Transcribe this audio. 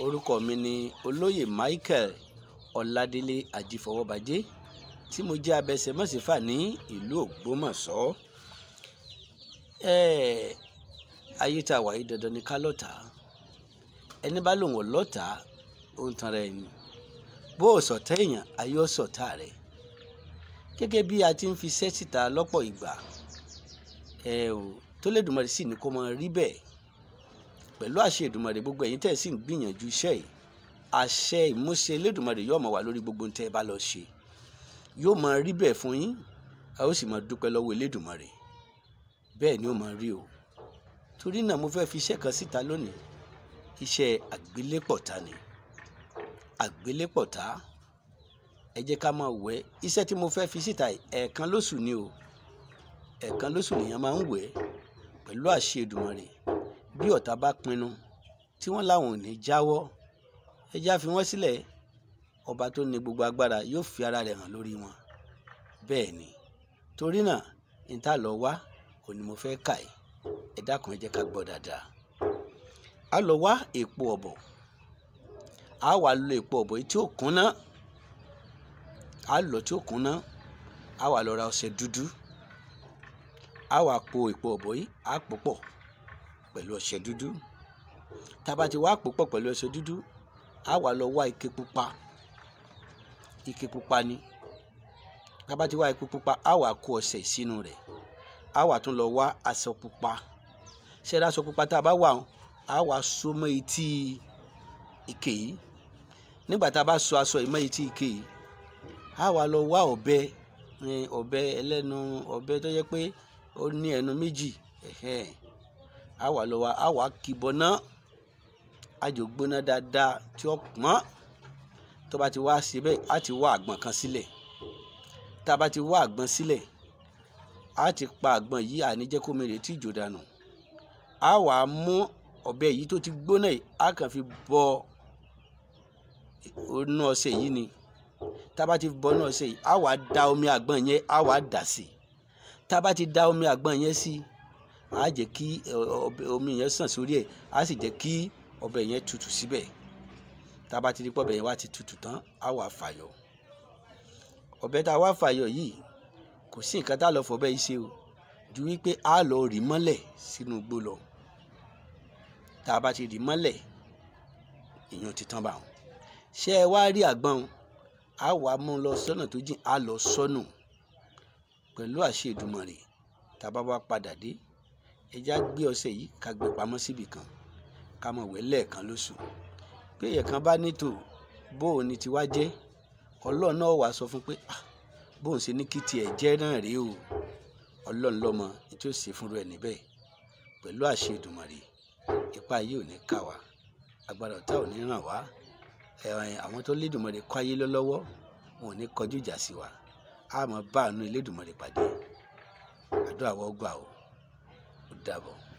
orúkọ mi ni olóyè Michael Ọládélé Ajífọwọ́bajé tí mo jẹ́ abẹsẹ̀mọ́sífà ní ìlú Ògbómọ̀ṣọ́ ayé tá a wà yìí dandan ni ká lọ́ta ẹni bá lòun ò lọ́ta ó ń tanra ẹni bó o sọ̀tá èèyàn ayé ó sọ̀tá rẹ̀ gẹ́gẹ́ bí a ti ń fi iṣẹ́ lọ́pọ̀ ìgbà ẹ tó lè dùnmọ́ sí ni kó máa rí bẹ́ẹ̀ pẹ̀lú àṣẹ Èdùmàrè gbogbo ẹ̀yin tẹ́ ẹ̀ sì ń gbìyànjú iṣẹ́ yìí àṣẹ ìmúṣẹ Elédùmarè yóò máa wà lórí gbogbo ohun tẹ́ ẹ bá lọ ṣe yóò máa rí bẹ́ẹ̀ fún yín a ó sì máa dúpẹ́ lọ́wọ́ Elédùmarè bẹ́ẹ̀ ni ó máa rí o torí náà mo fẹ́ fi iṣẹ́ kan síta lónìí iṣẹ́ àgbélépọ̀tá ni àgbélépọ̀tá ẹ jẹ́ ká máa wẹ̀ iṣẹ́ tí mo fẹ́ fi síta ẹ̀ẹ̀kan lóṣù ni o ẹ̀ẹ̀kan lóṣù nìyẹn máa ń wẹ̀ pẹ̀lú àṣẹ Èdùmàrè bí ọ̀tá bá pinnu tí wọ́n láwọn ò ní jáwọ́ ẹ fi wọ́n sílẹ̀ ọba tó ní gbogbo agbára yóò fi ara rẹ̀ hàn lórí wọn bẹ́ẹ̀ ni torí náà níta lọ wá òní mo fẹ́ kà ẹ́ ẹ dákun ẹ jẹ́ ká gbọ́ dáadáa a lọ wá èpo ọ̀bọ̀ a wà lọ èpo ọ̀bọ̀ tí ó kúnná a lọ tí ó kúnná a wà lọ ra ọṣẹ dúdú a wà po èpo ọ̀bọ̀ yìí a pò pọ̀ pẹ̀lú ọṣẹ dúdú tá a bá ti wá pò pọ̀ pẹ̀lú ọṣẹ dúdú a wà lọ wá ike pupa ike pupa ni tá a bá ti wá ike pupa a wà kó ọṣẹ sínú rẹ̀ a wà tún lọ wá aṣọ pupa ṣẹ́ra aṣọ pupa tá a bá wà wọn wà so mọ́ etí ike yìí nígbà tá a bá so aṣọ ìmọ̀ etí ike yìí a wà lọ wá ọ̀bẹ ọ̀bẹ ẹlẹ́nu ọ̀bẹ tó yẹ pé ó ní ẹnu méjì ẹ̀hẹ́n á wà lọ́wọ́ á wà kíbọná àjò gbóná dáadáa tí ó pọ́n tó bá ti wá ṣe bẹ́ẹ̀ á ti wá àgbọn kan sílẹ̀ tá a bá ti wá àgbọn sílẹ̀ á ti pa àgbọn yìí àníjẹ́ tí ìjò dànù á wà mú ọ̀bẹ yìí tó ti gbóná yìí á kàn fi bọ inú ọṣẹ yìí ni tá ti bọ inú ọṣẹ yìí á wà da omi àgbọn yẹn á wà dà sí tá ti da omi àgbọn yẹn sí i á jẹ́ kí omi yẹn sàn sórí ẹ̀ á sì jẹ́ kí ọbẹ̀ yẹn tutù síbẹ̀ tá a bá ti rí pọ̀ ọbẹ̀ yẹn wá ti tutù tán á wà fàyọ̀ ọbẹ̀ tá a wá fàyọ̀ yìí kò sí nǹkan tá a lọ fọbẹ̀ yìí ṣe o ju wípé a lọ rì mọ́lẹ̀ sínú igbó lọ tá a bá ti rì mọ́lẹ̀ èèyàn ti tán bá wọn ṣé ẹ wá rí àgbọn a wàá mú un lọ sọ́nà tó jìn a lọ sọ́nù pẹ̀lú àṣẹ Èdùmàrè tá a bá wá padà dé ẹja gbé ọṣẹ yìí ká gbé pamọ́ síbì kan ká mọ̀ wẹ̀ lẹ́ẹ̀kan lóṣù pé èèyàn kan bá nítò bóun ni tiwa jẹ́ ọlọ́run náà wàá sọ fún pé ah, bóun ṣe ní kí tiẹ̀ jẹ́ náà rèé o ọlọ́run lọ́mọ ní tí ó ṣe fúnra ẹ̀ níbẹ̀ pẹ̀lú àṣẹ Èdùmàrè ipa yìí ò ní ká wa agbára ọ̀tá ò ní ràn wá àwọn tó lédùmarè kọ́ ayé lọ́wọ́ wọn ò ní kọjú ìjà sí wa a bá àánú Elédùmarè pàdé àdúrà wọ́n gbà o. devil.